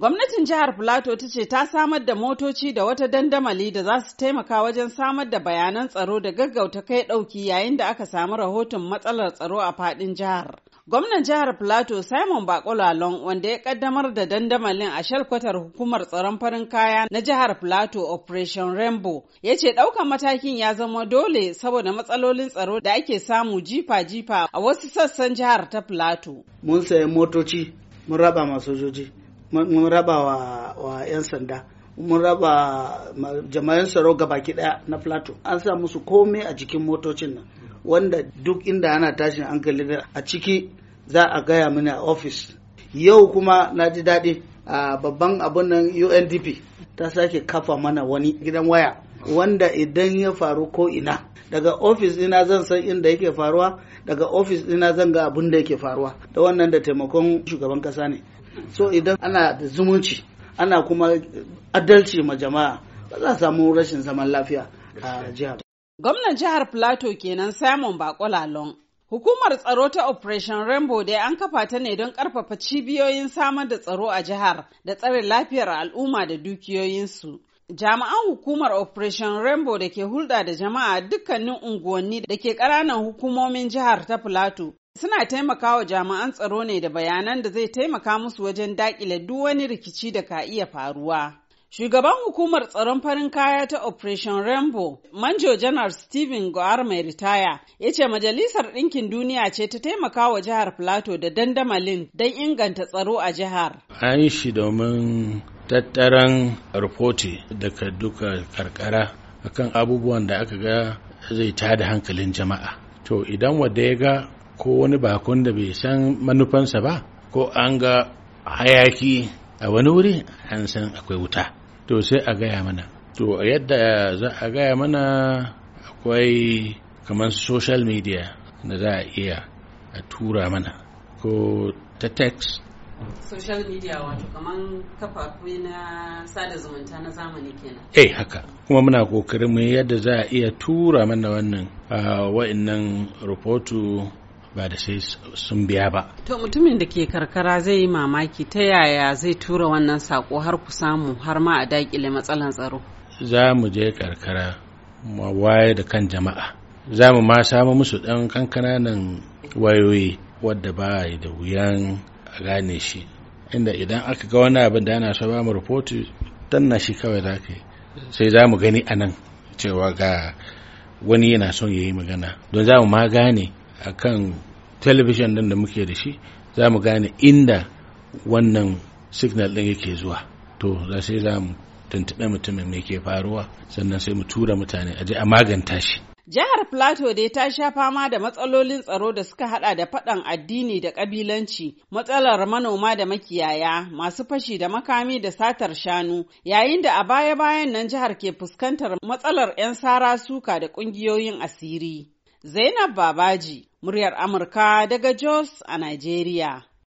Gwamnatin jihar Filato ta ce ta samar da motoci da wata dandamali da za su taimaka wajen samar da bayanan tsaro da gaggauta kai ɗauki yayin da aka samu rahoton matsalar tsaro a faɗin jihar. Gwamnan jihar Filato Simon Bakolalon wanda ya kaddamar da dandamalin a shalkwatar hukumar tsaron farin kaya na jihar Filato Operation Rainbow ya ce ɗaukan matakin ya zama dole saboda matsalolin tsaro da ake samu jifa-jifa a wasu sassan jihar ta Filato. Mun sayi motoci, mun raba masu sojoji. mun raba wa 'yan sanda mun raba jama'an tsaro baki daya na plateau an sa musu komai a jikin motocin nan wanda duk inda ana tashin hankali a ciki za a gaya mini a ofis yau kuma na ji daɗi a babban abin nan undp ta sake kafa mana wani gidan waya wanda idan ya faru ko ina daga ofis ɗina zan san inda yake faruwa daga ofis ɗina zan ga abin da yake faruwa da wannan da taimakon shugaban kasa ne so idan ana da zumunci ana kuma adalci ma jama'a ba za samu rashin zaman lafiya a jihar gwamnan jihar plateau kenan simon bakolalon Hukumar tsaro ta Operation Rainbow dai an kafa ta ne don karfafa cibiyoyin samar da tsaro a jihar da tsare lafiyar al'umma da dukiyoyinsu. Jami'an hukumar Operation Rainbow da ke hulɗa da jama'a dukkanin unguwanni da ke ƙananan hukumomin jihar ta Filato suna taimakawa jami'an tsaro ne da bayanan da zai taimaka musu wajen daƙile duk wani rikici da ka iya faruwa. Shugaban hukumar tsaron farin kaya ta Operation Rainbow, Manjo Janar Steven Goar mai ritaya, ya ce Majalisar Ɗinkin Duniya ce ta taimaka wa jihar Plateau da dandamalin don inganta tsaro a jihar. An shi domin tattaran rufoti daga duka karkara akan abubuwan da aka ga zai tada hankalin jama'a to idan wanda ya ga ko wani bakon da bai san manufansa ba ko an ga hayaki a wani wuri an san akwai wuta to sai a gaya mana to yadda za a gaya mana akwai kamar social media da za a iya a tura mana ko ta text social media wato kaman kafafe na sada zumunta na zamani kenan eh haka kuma muna kokarin mu yadda za a iya tura mana wannan wa'annan rahoto ba da sai sun biya ba. To mutumin da ke karkara zai yi mamaki ta yaya zai tura wannan sako har ku samu har ma a dakile matsalan tsaro. Za mu je karkara mu waye da kan jama'a. Za mu ma samu musu ɗan kankananan wayoyi wadda ba da wuyan gane shi inda idan aka ga wani abin da yana so ba mu danna shi kawai za ka yi sai za mu gani a nan cewa ga wani yana son ya yi magana don za mu ma gane a kan talabijin din da muke da shi za mu gane inda wannan signal din yake zuwa to za sai za mu tuntuɓe mutumin me ke faruwa sannan sai mu tura mutane aje a maganta shi Jihar Plateau dai ta sha fama da matsalolin tsaro da suka hada da faɗan addini da ƙabilanci, matsalar manoma da makiyaya, masu fashi da makami da satar shanu, yayin da a baya-bayan nan jihar ke fuskantar matsalar 'yan sara suka da ƙungiyoyin asiri. Zainab Babaji, muryar Amurka daga Jos a Najeriya.